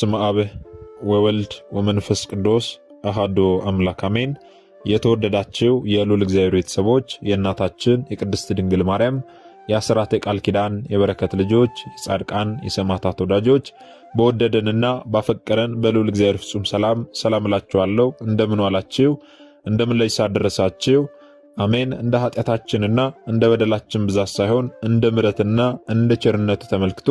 በስም አብህ ወወልድ ወመንፈስ ቅዱስ አሃዶ አምላክ አሜን። የተወደዳችው የሉል እግዚአብሔር ቤተሰቦች የእናታችን የቅድስት ድንግል ማርያም የአስራት የቃል ኪዳን የበረከት ልጆች የጻድቃን የሰማዕታት ወዳጆች በወደደንና ባፈቀረን በልዑል እግዚአብሔር ፍጹም ሰላም ሰላም እላችኋለሁ። እንደምን ዋላችሁ? እንደምን ለይሳ ሳደረሳችሁ አሜን። እንደ ኃጢአታችንና እንደ በደላችን ብዛት ሳይሆን እንደ ምረትና እንደ ቸርነቱ ተመልክቶ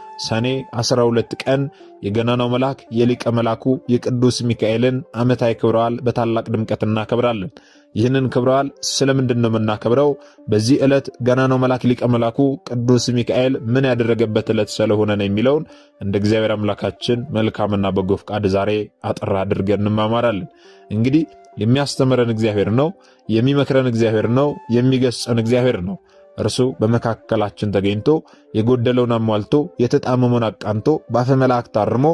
ሰኔ 12 ቀን የገናናው መልአክ የሊቀ መልአኩ የቅዱስ ሚካኤልን ዓመታዊ ክብረ በዓል በታላቅ ድምቀት እናከብራለን። ይህንን ክብረ በዓል ስለምንድን ነው የምናከብረው? በዚህ ዕለት ገናናው መልአክ ሊቀ መልአኩ ቅዱስ ሚካኤል ምን ያደረገበት ዕለት ስለሆነ ነው የሚለውን እንደ እግዚአብሔር አምላካችን መልካምና በጎ ፍቃድ ዛሬ አጠር አድርገን እንማማራለን። እንግዲህ የሚያስተምረን እግዚአብሔር ነው፣ የሚመክረን እግዚአብሔር ነው፣ የሚገስጸን እግዚአብሔር ነው። እርሱ በመካከላችን ተገኝቶ የጎደለውን አሟልቶ የተጣመመውን አቃንቶ በአፈ መላእክት አርሞ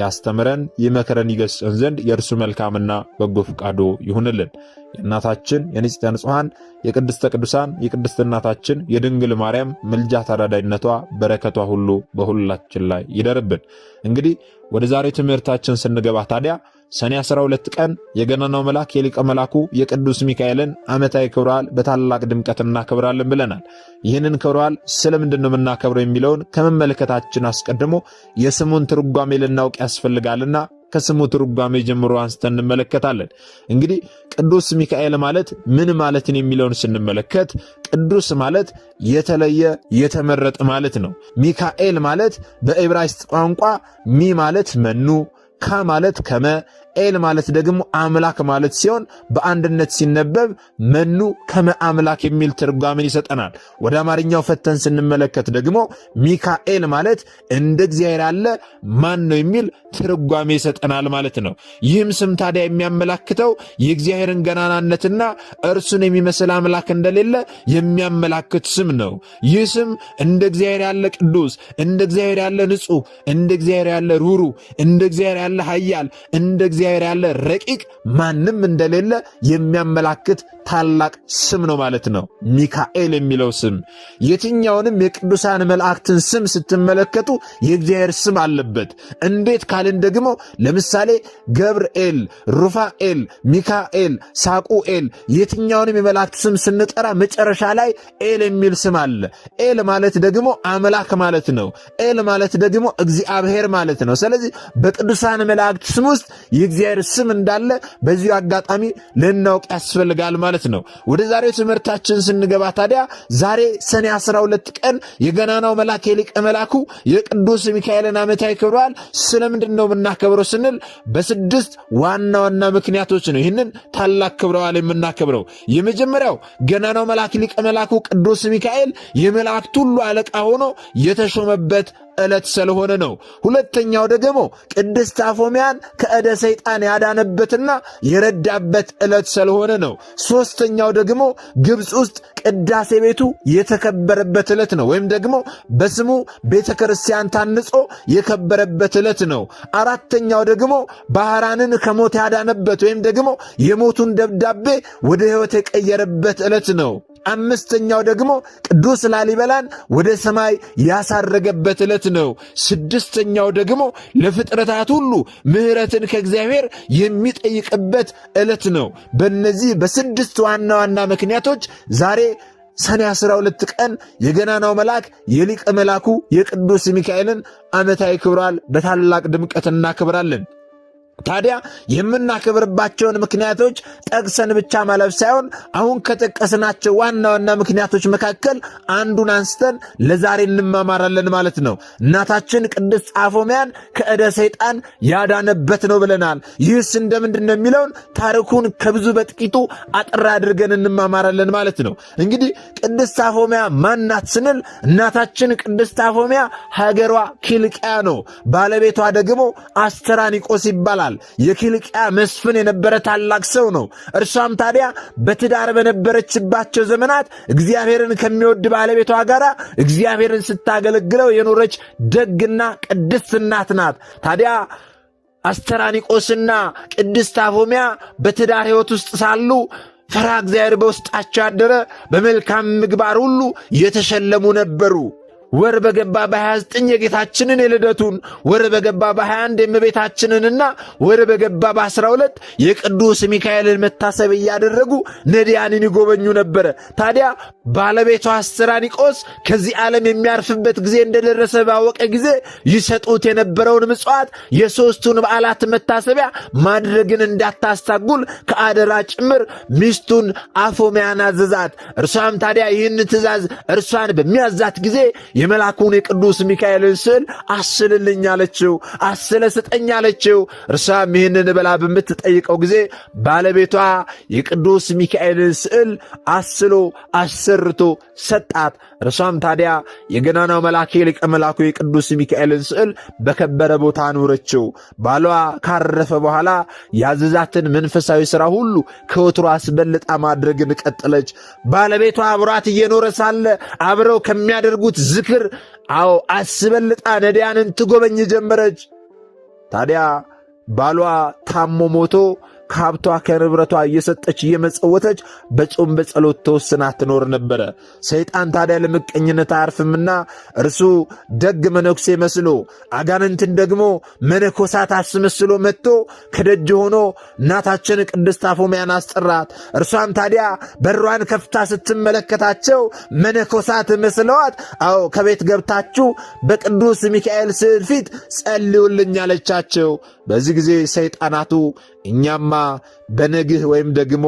ያስተምረን ይመክረን ይገስጸን ዘንድ የእርሱ መልካምና በጎ ፈቃዱ ይሁንልን። የእናታችን የንጽሕተ ንጹሐን የቅድስተ ቅዱሳን የቅድስት እናታችን የድንግል ማርያም ምልጃ ተራዳይነቷ በረከቷ ሁሉ በሁላችን ላይ ይደርብን። እንግዲህ ወደ ዛሬ ትምህርታችን ስንገባ ታዲያ ሰኔ 12 ቀን የገናናው መልአክ የሊቀ መልአኩ የቅዱስ ሚካኤልን ዓመታዊ ክብረ በዓል በታላቅ ድምቀት እናከብራለን ብለናል። ይህንን ክብረ በዓል ስለምንድን ነው የምናከብረው የሚለውን ከመመለከታችን አስቀድሞ የስሙን ትርጓሜ ልናውቅ ያስፈልጋልና ከስሙ ትርጓሜ ጀምሮ አንስተን እንመለከታለን። እንግዲህ ቅዱስ ሚካኤል ማለት ምን ማለትን የሚለውን ስንመለከት ቅዱስ ማለት የተለየ የተመረጠ ማለት ነው። ሚካኤል ማለት በዕብራይስጥ ቋንቋ ሚ ማለት መኑ፣ ካ ማለት ከመ ኤል ማለት ደግሞ አምላክ ማለት ሲሆን በአንድነት ሲነበብ መኑ ከመ አምላክ የሚል ትርጓምን ይሰጠናል። ወደ አማርኛው ፈተን ስንመለከት ደግሞ ሚካኤል ማለት እንደ እግዚአብሔር ያለ ማን ነው የሚል ትርጓሜ ይሰጠናል ማለት ነው። ይህም ስም ታዲያ የሚያመላክተው የእግዚአብሔርን ገናናነትና እርሱን የሚመስል አምላክ እንደሌለ የሚያመላክት ስም ነው። ይህ ስም እንደ እግዚአብሔር ያለ ቅዱስ፣ እንደ እግዚአብሔር ያለ ንጹህ፣ እንደ እግዚአብሔር ያለ ሩሩ፣ እንደ እግዚአብሔር ያለ ኃያል፣ እንደ እግዚአብሔር ያለ ረቂቅ ማንም እንደሌለ የሚያመላክት ታላቅ ስም ነው ማለት ነው። ሚካኤል የሚለው ስም የትኛውንም የቅዱሳን መላእክትን ስም ስትመለከቱ የእግዚአብሔር ስም አለበት። እንዴት ካልን ደግሞ ለምሳሌ ገብርኤል፣ ሩፋኤል፣ ሚካኤል፣ ሳቁኤል የትኛውንም የመላእክት ስም ስንጠራ መጨረሻ ላይ ኤል የሚል ስም አለ። ኤል ማለት ደግሞ አምላክ ማለት ነው። ኤል ማለት ደግሞ እግዚአብሔር ማለት ነው። ስለዚህ በቅዱሳን መላእክት ስም ውስጥ የእግዚአብሔር ስም እንዳለ በዚሁ አጋጣሚ ልናውቅ ያስፈልጋል ማለት ነው። ወደ ዛሬው ትምህርታችን ስንገባ ታዲያ ዛሬ ሰኔ 12 ቀን የገናናው መልአክ የሊቀ መልአኩ የቅዱስ ሚካኤልን ዓመታዊ ክብረ በዓል ስለምንድን ነው የምናከብረው ስንል በስድስት ዋና ዋና ምክንያቶች ነው ይህንን ታላቅ ክብረ በዓል የምናከብረው። የመጀመሪያው ገናናው መልአክ ሊቀ መልአኩ ቅዱስ ሚካኤል የመላእክት ሁሉ አለቃ ሆኖ የተሾመበት ዕለት ስለሆነ ነው። ሁለተኛው ደግሞ ቅድስት አፎሚያን ከእደ ሰይጣን ያዳነበትና የረዳበት ዕለት ስለሆነ ነው። ሦስተኛው ደግሞ ግብፅ ውስጥ ቅዳሴ ቤቱ የተከበረበት ዕለት ነው፣ ወይም ደግሞ በስሙ ቤተ ክርስቲያን ታንጾ የከበረበት ዕለት ነው። አራተኛው ደግሞ ባህራንን ከሞት ያዳነበት ወይም ደግሞ የሞቱን ደብዳቤ ወደ ሕይወት የቀየረበት ዕለት ነው። አምስተኛው ደግሞ ቅዱስ ላሊበላን ወደ ሰማይ ያሳረገበት ዕለት ነው። ስድስተኛው ደግሞ ለፍጥረታት ሁሉ ምሕረትን ከእግዚአብሔር የሚጠይቅበት ዕለት ነው። በእነዚህ በስድስት ዋና ዋና ምክንያቶች ዛሬ ሰኔ 12 ቀን የገናናው መልአክ የሊቀ መልአኩ የቅዱስ ሚካኤልን ዓመታዊ ክብሯል በታላቅ ድምቀት እናክብራለን። ታዲያ የምናከብርባቸውን ምክንያቶች ጠቅሰን ብቻ ማለፍ ሳይሆን አሁን ከጠቀስናቸው ዋና ዋና ምክንያቶች መካከል አንዱን አንስተን ለዛሬ እንማማራለን ማለት ነው። እናታችን ቅድስት ጻፎሚያን ከእደ ሰይጣን ያዳነበት ነው ብለናል። ይህስ እንደምንድን ነው የሚለውን ታሪኩን ከብዙ በጥቂቱ አጥር አድርገን እንማማራለን ማለት ነው። እንግዲህ ቅድስት ጻፎሚያ ማናት ስንል እናታችን ቅድስት ጻፎሚያ ሀገሯ ኪልቅያ ነው። ባለቤቷ ደግሞ አስተራኒቆስ ይባላል። ይባላል። የኪልቅያ መስፍን የነበረ ታላቅ ሰው ነው። እርሷም ታዲያ በትዳር በነበረችባቸው ዘመናት እግዚአብሔርን ከሚወድ ባለቤቷ ጋር እግዚአብሔርን ስታገለግለው የኖረች ደግና ቅድስት እናት ናት። ታዲያ አስተራኒቆስና ቅድስት አፎሚያ በትዳር ሕይወት ውስጥ ሳሉ ፈራ እግዚአብሔር በውስጣቸው ያደረ፣ በመልካም ምግባር ሁሉ የተሸለሙ ነበሩ። ወር በገባ በ29 የጌታችንን የልደቱን ወር በገባ በ21 የእመቤታችንንና ወር በገባ በ12 የቅዱስ ሚካኤልን መታሰብ እያደረጉ ነዳያንን ይጎበኙ ነበረ ታዲያ ባለቤቷ አስራኒቆስ ከዚህ ዓለም የሚያርፍበት ጊዜ እንደደረሰ ባወቀ ጊዜ ይሰጡት የነበረውን ምጽዋት፣ የሦስቱን በዓላት መታሰቢያ ማድረግን እንዳታስታጉል ከአደራ ጭምር ሚስቱን አፎሚያን አዘዛት። እርሷም ታዲያ ይህን ትእዛዝ እርሷን በሚያዛት ጊዜ የመልአኩን የቅዱስ ሚካኤልን ስዕል አስልልኝ አለችው፣ አስለ ስጠኝ አለችው። እርሷም ይህንን ብላ በምትጠይቀው ጊዜ ባለቤቷ የቅዱስ ሚካኤልን ስዕል አስሎ አስ አሰርቶ ሰጣት። እርሷም ታዲያ የገናናው መልአክ ሊቀ መልአኩ የቅዱስ ሚካኤልን ስዕል በከበረ ቦታ አኖረችው። ባሏ ካረፈ በኋላ ያዘዛትን መንፈሳዊ ሥራ ሁሉ ከወትሮ አስበልጣ ማድረግን ቀጠለች። ባለቤቷ አብሯት እየኖረ ሳለ አብረው ከሚያደርጉት ዝክር፣ አዎ አስበልጣ ነዳያንን ትጎበኝ ጀመረች። ታዲያ ባሏ ታሞ ሞቶ ከሀብቷ ከንብረቷ እየሰጠች እየመጸወተች በጾም በጸሎት ተወስና ትኖር ነበረ። ሰይጣን ታዲያ ለምቀኝነት አያርፍምና እርሱ ደግ መነኩሴ መስሎ አጋንንትን ደግሞ መነኮሳት አስመስሎ መጥቶ ከደጅ ሆኖ እናታችን ቅድስት አፎሚያን አስጠራት። እርሷም ታዲያ በሯን ከፍታ ስትመለከታቸው መነኮሳት መስለዋት፣ አዎ ከቤት ገብታችሁ በቅዱስ ሚካኤል ስዕል ፊት ጸልዩልኝ አለቻቸው። በዚህ ጊዜ ሰይጣናቱ እኛማ በነግህ ወይም ደግሞ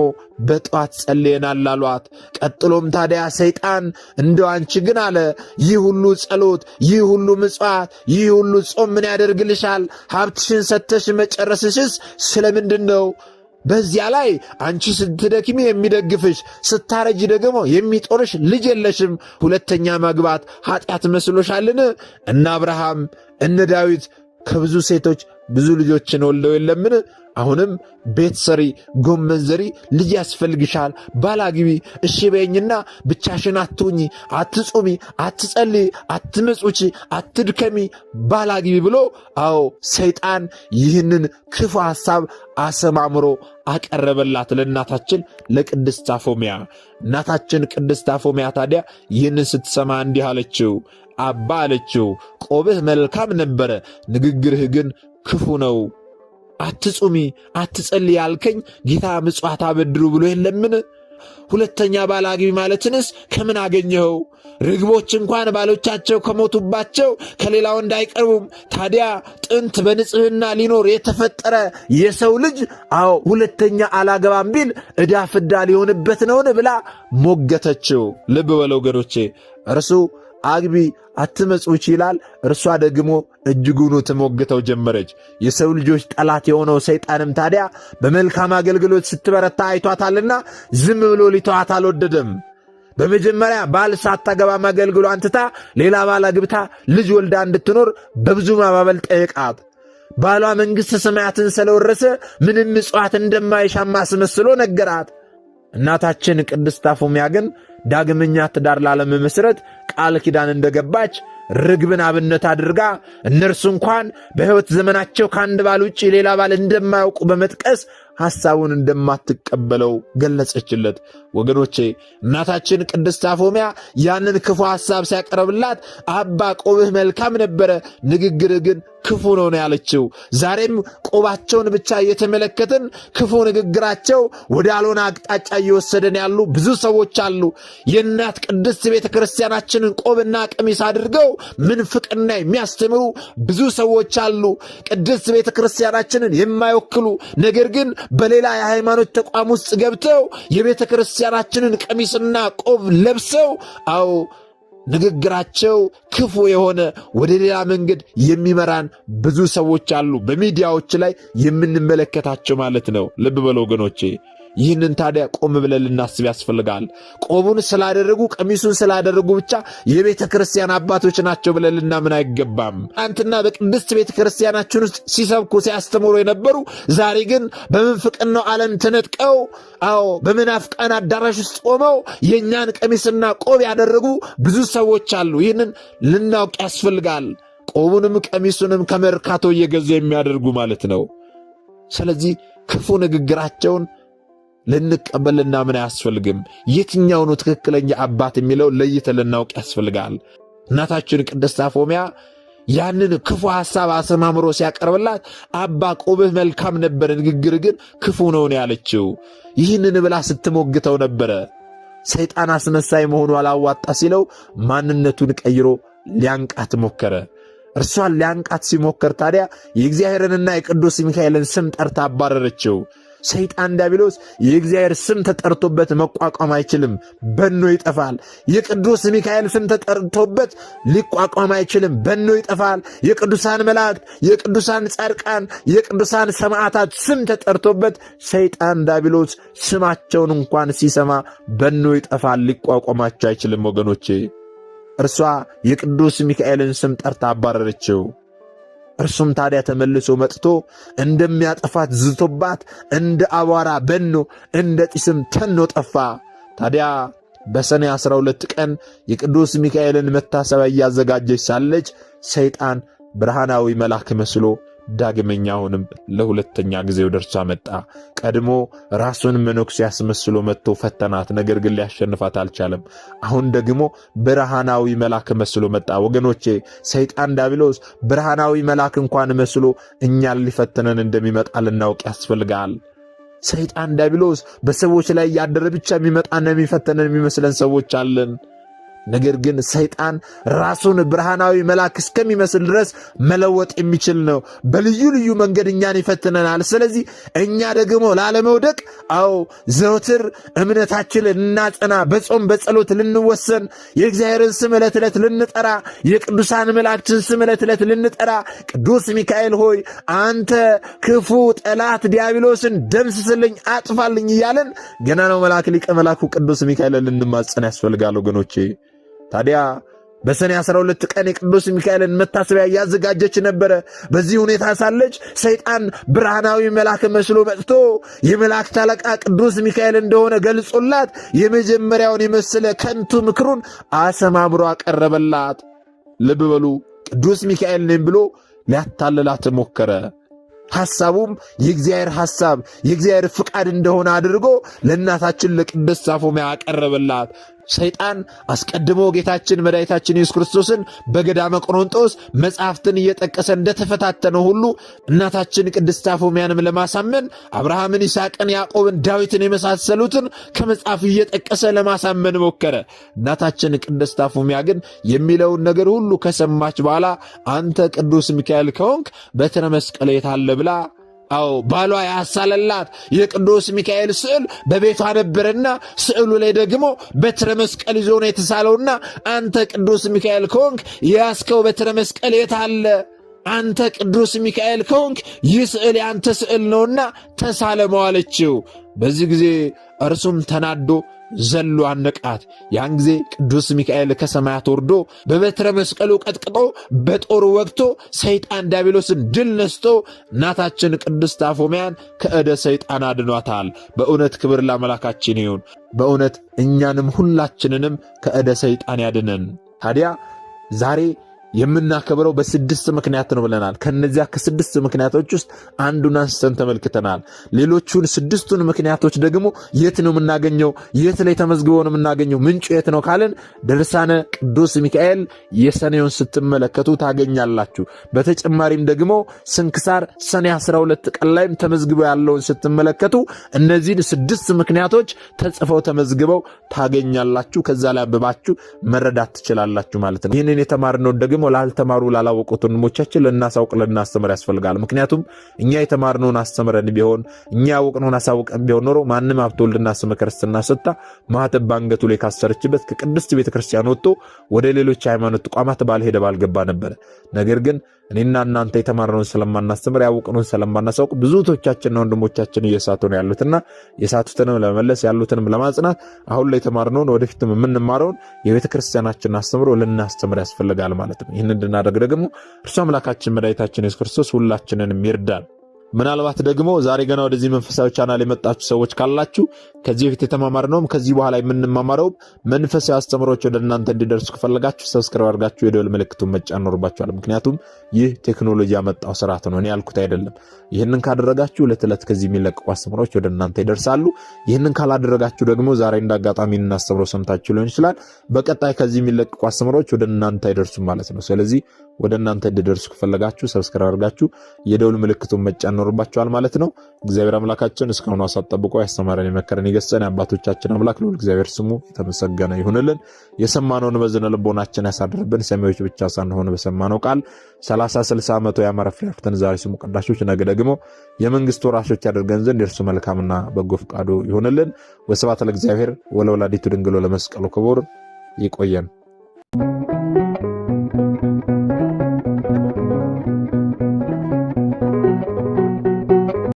በጠዋት ጸልየናል አሏት። ቀጥሎም ታዲያ ሰይጣን እንደ አንቺ ግን አለ ይህ ሁሉ ጸሎት፣ ይህ ሁሉ ምጽዋት፣ ይህ ሁሉ ጾም ምን ያደርግልሻል? ሀብትሽን ሰተሽ መጨረስሽስ ስለምንድን ነው? በዚያ ላይ አንቺ ስትደክሚ የሚደግፍሽ ስታረጅ ደግሞ የሚጦርሽ ልጅ የለሽም። ሁለተኛ ማግባት ኃጢአት መስሎሻልን? እነ አብርሃም እነ ዳዊት ከብዙ ሴቶች ብዙ ልጆችን ወልደው የለምን? አሁንም ቤት ሰሪ፣ ጎመን ዘሪ ልጅ ያስፈልግሻል፣ ባላግቢ እሺ በይኝና ብቻሽን አትሁኚ፣ አትጹሚ፣ አትጸልይ፣ አትመጹቺ፣ አትድከሚ፣ ባላግቢ ብሎ አዎ ሰይጣን ይህንን ክፉ ሐሳብ አሰማምሮ አቀረበላት ለእናታችን ለቅድስት አፎሚያ። እናታችን ቅድስት አፎሚያ ታዲያ ይህንን ስትሰማ እንዲህ አለችው፣ አባ አለችው፣ ቆብህ መልካም ነበረ፣ ንግግርህ ግን ክፉ ነው። አትጹሚ አትጸል ያልከኝ ጌታ ምጽዋት አበድሩ ብሎ የለምን? ሁለተኛ ባል አግቢ ማለትንስ ከምን አገኘኸው? ርግቦች እንኳን ባሎቻቸው ከሞቱባቸው ከሌላው እንዳይቀርቡም። ታዲያ ጥንት በንጽህና ሊኖር የተፈጠረ የሰው ልጅ አዎ ሁለተኛ አላገባም ቢል ዕዳ ፍዳ ሊሆንበት ነውን? ብላ ሞገተችው። ልብ በለው ገዶቼ እርሱ አግቢ አትመጹች ይላል። እርሷ ደግሞ እጅጉኑ ትሞግተው ጀመረች። የሰው ልጆች ጠላት የሆነው ሰይጣንም ታዲያ በመልካም አገልግሎት ስትበረታ አይቷታልና ዝም ብሎ ሊተዋት አልወደደም። በመጀመሪያ ባል ሳታገባ አገልግሏን አንትታ ሌላ ባል አግብታ ልጅ ወልዳ እንድትኖር በብዙ ማባበል ጠየቃት። ባሏ መንግሥተ ሰማያትን ስለወረሰ ምንም ምጽዋት እንደማይሻማ አስመስሎ ነገራት። እናታችን ቅድስት ሱራፌል ግን ዳግመኛ ትዳር ላለመመስረት ቃል ኪዳን እንደገባች ርግብን አብነት አድርጋ እነርሱ እንኳን በሕይወት ዘመናቸው ከአንድ ባል ውጭ ሌላ ባል እንደማያውቁ በመጥቀስ ሐሳቡን እንደማትቀበለው ገለጸችለት። ወገኖቼ እናታችን ቅድስት አፎሚያ ያንን ክፉ ሐሳብ ሲያቀርብላት አባ ቆብህ መልካም ነበረ፣ ንግግር ግን ክፉ ነው ነው ያለችው። ዛሬም ቆባቸውን ብቻ እየተመለከትን ክፉ ንግግራቸው ወደ አልሆነ አቅጣጫ እየወሰደን ያሉ ብዙ ሰዎች አሉ። የእናት ቅድስት ቤተ ክርስቲያናችንን ቆብና ቀሚስ አድርገው ምንፍቅና የሚያስተምሩ ብዙ ሰዎች አሉ። ቅድስት ቤተ ክርስቲያናችንን የማይወክሉ ነገር ግን በሌላ የሃይማኖት ተቋም ውስጥ ገብተው የቤተ ክርስቲያናችንን ቀሚስና ቆብ ለብሰው አዎ ንግግራቸው ክፉ የሆነ ወደ ሌላ መንገድ የሚመራን ብዙ ሰዎች አሉ፣ በሚዲያዎች ላይ የምንመለከታቸው ማለት ነው። ልብ በለ ወገኖቼ። ይህንን ታዲያ ቆም ብለን ልናስብ ያስፈልጋል። ቆቡን ስላደረጉ ቀሚሱን ስላደረጉ ብቻ የቤተ ክርስቲያን አባቶች ናቸው ብለን ልናምን አይገባም። ትናንትና በቅድስት ቤተ ክርስቲያናችን ውስጥ ሲሰብኩ ሲያስተምሩ የነበሩ ዛሬ ግን በምንፍቅናው ዓለም ተነጥቀው፣ አዎ በምናፍቃን አዳራሽ ውስጥ ቆመው የእኛን ቀሚስና ቆብ ያደረጉ ብዙ ሰዎች አሉ። ይህንን ልናውቅ ያስፈልጋል። ቆቡንም ቀሚሱንም ከመርካቶ እየገዙ የሚያደርጉ ማለት ነው። ስለዚህ ክፉ ንግግራቸውን ልንቀበል ልናምን አያስፈልግም። የትኛው ነው ትክክለኛ አባት የሚለው ለይተ ልናውቅ ያስፈልጋል። እናታችን ቅድስት አፎሚያ ያንን ክፉ ሐሳብ አሰማምሮ ሲያቀርብላት አባ ቁብህ መልካም ነበር ንግግር ግን ክፉ ነውን ያለችው። ይህንን ብላ ስትሞግተው ነበረ። ሰይጣን አስመሳይ መሆኑ አላዋጣ ሲለው ማንነቱን ቀይሮ ሊያንቃት ሞከረ። እርሷን ሊያንቃት ሲሞከር ታዲያ የእግዚአብሔርንና የቅዱስ ሚካኤልን ስም ጠርታ አባረረችው። ሰይጣን ዲያብሎስ የእግዚአብሔር ስም ተጠርቶበት መቋቋም አይችልም፣ በኖ ይጠፋል። የቅዱስ ሚካኤል ስም ተጠርቶበት ሊቋቋም አይችልም፣ በኖ ይጠፋል። የቅዱሳን መላእክት፣ የቅዱሳን ጻድቃን፣ የቅዱሳን ሰማዕታት ስም ተጠርቶበት ሰይጣን ዲያብሎስ ስማቸውን እንኳን ሲሰማ በኖ ይጠፋል፣ ሊቋቋማቸው አይችልም። ወገኖቼ እርሷ የቅዱስ ሚካኤልን ስም ጠርታ አባረረችው። እርሱም ታዲያ ተመልሶ መጥቶ እንደሚያጠፋት ዝቶባት እንደ አቧራ በኖ እንደ ጢስም ተኖ ጠፋ። ታዲያ በሰኔ 12 ቀን የቅዱስ ሚካኤልን መታሰቢያ እያዘጋጀች ሳለች ሰይጣን ብርሃናዊ መልአክ መስሎ ዳግመኛ አሁንም ለሁለተኛ ጊዜ ደርሳ መጣ። ቀድሞ ራሱን መነኩሴ ያስመስሎ መጥቶ ፈተናት፣ ነገር ግን ሊያሸንፋት አልቻለም። አሁን ደግሞ ብርሃናዊ መልአክ መስሎ መጣ። ወገኖቼ ሰይጣን ዲያብሎስ ብርሃናዊ መልአክ እንኳን መስሎ እኛን ሊፈትነን እንደሚመጣ ልናውቅ ያስፈልጋል። ሰይጣን ዲያብሎስ በሰዎች ላይ እያደረ ብቻ የሚመጣና የሚፈተነን የሚመስለን ሰዎች አለን። ነገር ግን ሰይጣን ራሱን ብርሃናዊ መልአክ እስከሚመስል ድረስ መለወጥ የሚችል ነው። በልዩ ልዩ መንገድ እኛን ይፈትነናል። ስለዚህ እኛ ደግሞ ላለመውደቅ፣ አዎ ዘወትር እምነታችን ልናጸና፣ በጾም በጸሎት ልንወሰን፣ የእግዚአብሔርን ስም ዕለት ዕለት ልንጠራ፣ የቅዱሳን መላእክትን ስም ዕለት ዕለት ልንጠራ፣ ቅዱስ ሚካኤል ሆይ አንተ ክፉ ጠላት ዲያብሎስን ደምስስልኝ፣ አጥፋልኝ እያለን ገና ነው መልአክ ሊቀ መልአኩ ቅዱስ ሚካኤል ልንማጸን ያስፈልጋል ወገኖቼ። ታዲያ በሰኔ 12 ቀን የቅዱስ ሚካኤልን መታሰቢያ እያዘጋጀች ነበረ። በዚህ ሁኔታ ሳለች ሰይጣን ብርሃናዊ መልአክ መስሎ መጥቶ የመላእክት አለቃ ቅዱስ ሚካኤል እንደሆነ ገልጾላት የመጀመሪያውን የመሰለ ከንቱ ምክሩን አሰማምሮ አቀረበላት። ልብ በሉ፣ ቅዱስ ሚካኤል ነኝ ብሎ ሊያታልላት ሞከረ። ሐሳቡም የእግዚአብሔር ሐሳብ የእግዚአብሔር ፍቃድ እንደሆነ አድርጎ ለእናታችን ለቅድስት ሳፎሚያ አቀረበላት። ሰይጣን አስቀድሞ ጌታችን መድኃኒታችን ኢየሱስ ክርስቶስን በገዳመ ቆሮንጦስ መጽሐፍትን እየጠቀሰ እንደተፈታተነ ሁሉ እናታችን ቅድስት አፎሚያንም ለማሳመን አብርሃምን፣ ይስሐቅን፣ ያዕቆብን፣ ዳዊትን የመሳሰሉትን ከመጽሐፍ እየጠቀሰ ለማሳመን ሞከረ። እናታችን ቅድስት አፎሚያ ግን የሚለውን ነገር ሁሉ ከሰማች በኋላ አንተ ቅዱስ ሚካኤል ከሆንክ በትረ መስቀል የታለ ብላ አዎ ባሏ ያሳለላት የቅዱስ ሚካኤል ስዕል በቤቷ ነበረና ስዕሉ ላይ ደግሞ በትረ መስቀል ይዞ ነው የተሳለውና አንተ ቅዱስ ሚካኤል ከሆንክ ያስከው በትረ መስቀል የት አለ አንተ ቅዱስ ሚካኤል ከሆንክ ይህ ስዕል የአንተ ስዕል ነውና ተሳለመው አለችው። በዚህ ጊዜ እርሱም ተናዶ ዘሎ አነቃት። ያን ጊዜ ቅዱስ ሚካኤል ከሰማያት ወርዶ በበትረ መስቀሉ ቀጥቅጦ በጦሩ ወግቶ ሰይጣን ዲያብሎስን ድል ነስቶ እናታችን ቅድስት አፎሚያን ከእደ ሰይጣን አድኗታል። በእውነት ክብር ለአምላካችን ይሁን። በእውነት እኛንም ሁላችንንም ከእደ ሰይጣን ያድነን። ታዲያ ዛሬ የምናከብረው በስድስት ምክንያት ነው ብለናል። ከነዚያ ከስድስት ምክንያቶች ውስጥ አንዱን አንስተን ተመልክተናል። ሌሎቹን ስድስቱን ምክንያቶች ደግሞ የት ነው የምናገኘው? የት ላይ ተመዝግቦ ነው የምናገኘው? ምንጩ የት ነው ካለን ድርሳነ ቅዱስ ሚካኤል የሰኔውን ስትመለከቱ ታገኛላችሁ። በተጨማሪም ደግሞ ስንክሳር ሰኔ 12 ቀን ላይም ተመዝግበ ያለውን ስትመለከቱ እነዚህን ስድስት ምክንያቶች ተጽፈው ተመዝግበው ታገኛላችሁ። ከዛ ላይ አንብባችሁ መረዳት ትችላላችሁ ማለት ነው። ይህንን የተማርነው ደግሞ ደግሞ ላልተማሩ ላላወቁት ወንድሞቻችን ልናሳውቅ ልናስተምር ያስፈልጋል። ምክንያቱም እኛ የተማርነውን አስተምረን ቢሆን እኛ ያወቅነውን አሳውቀን ቢሆን ኖሮ ማንም ሀብተ ወልድና ስመ ክርስትና ስታ ማህተብ ባንገቱ ላይ ካሰረችበት ከቅድስት ቤተክርስቲያን ወጥቶ ወደ ሌሎች ሃይማኖት ተቋማት ባልሄደ ባልገባ ነበረ። ነገር ግን እኔና እናንተ የተማርነውን ስለማናስተምር ያወቅነውን ስለማናሳውቅ ብዙቶቻችንና ወንድሞቻችን እየሳቱ ነው ያሉትና የሳቱትንም ለመመለስ ያሉትንም ለማጽናት አሁን ላይ የተማርነውን ወደፊትም የምንማረውን የቤተ ክርስቲያናችንን አስተምሮ ልናስተምር ያስፈልጋል ማለት ነው። ይህን እንድናደርግ ደግሞ እርሱ አምላካችን መድኃኒታችን የሱስ ክርስቶስ ሁላችንን ይርዳል። ምናልባት ደግሞ ዛሬ ገና ወደዚህ መንፈሳዊ ቻናል የመጣችሁ ሰዎች ካላችሁ ከዚህ በፊት የተማማርነውም ከዚህ በኋላ የምንማማረው መንፈሳዊ አስተምሮች ወደ እናንተ እንዲደርሱ ከፈለጋችሁ ሰብስክራይብ አድርጋችሁ የደወል ምልክቱን መጫን ይኖርባችኋል። ምክንያቱም ይህ ቴክኖሎጂ ያመጣው ስርዓት ነው፣ እኔ ያልኩት አይደለም። ይህንን ካደረጋችሁ ዕለት ዕለት ከዚህ የሚለቀቁ አስተምሮች ወደ እናንተ ይደርሳሉ። ይህንን ካላደረጋችሁ ደግሞ ዛሬ እንዳጋጣሚ እናስተምረው ሰምታችሁ ሊሆን ይችላል። በቀጣይ ከዚህ የሚለቀቁ አስተምሮች ወደ እናንተ አይደርሱም ማለት ነው። ስለዚህ ወደ እናንተ እንድደርሱ ከፈለጋችሁ ሰብስክራይብ አድርጋችሁ የደውል ምልክቱን መጫን ይኖርባችኋል ማለት ነው። እግዚአብሔር አምላካችን እስካሁን ሰዓት ጠብቆ ያስተማረን የመከረን የገሰጸን የአባቶቻችን አምላክ ልዑል እግዚአብሔር ስሙ የተመሰገነ ይሁንልን። የሰማነውን በዝነ ልቦናችን ያሳድርብን። ሰሚዎች ብቻ ሳንሆን በሰማነው ቃል ሰላሳ ስልሳ መቶ ያማረ ፍሬ አፍርተን ዛሬ ስሙ ቅዳሾች፣ ነገ ደግሞ የመንግስቱ ወራሾች ያደርገን ዘንድ የእርሱ መልካምና በጎ ፈቃዱ ይሁንልን። ወስብሐት ለእግዚአብሔር ወለወላዲቱ ድንግሎ ለመስቀሉ ክቡር። ይቆየን።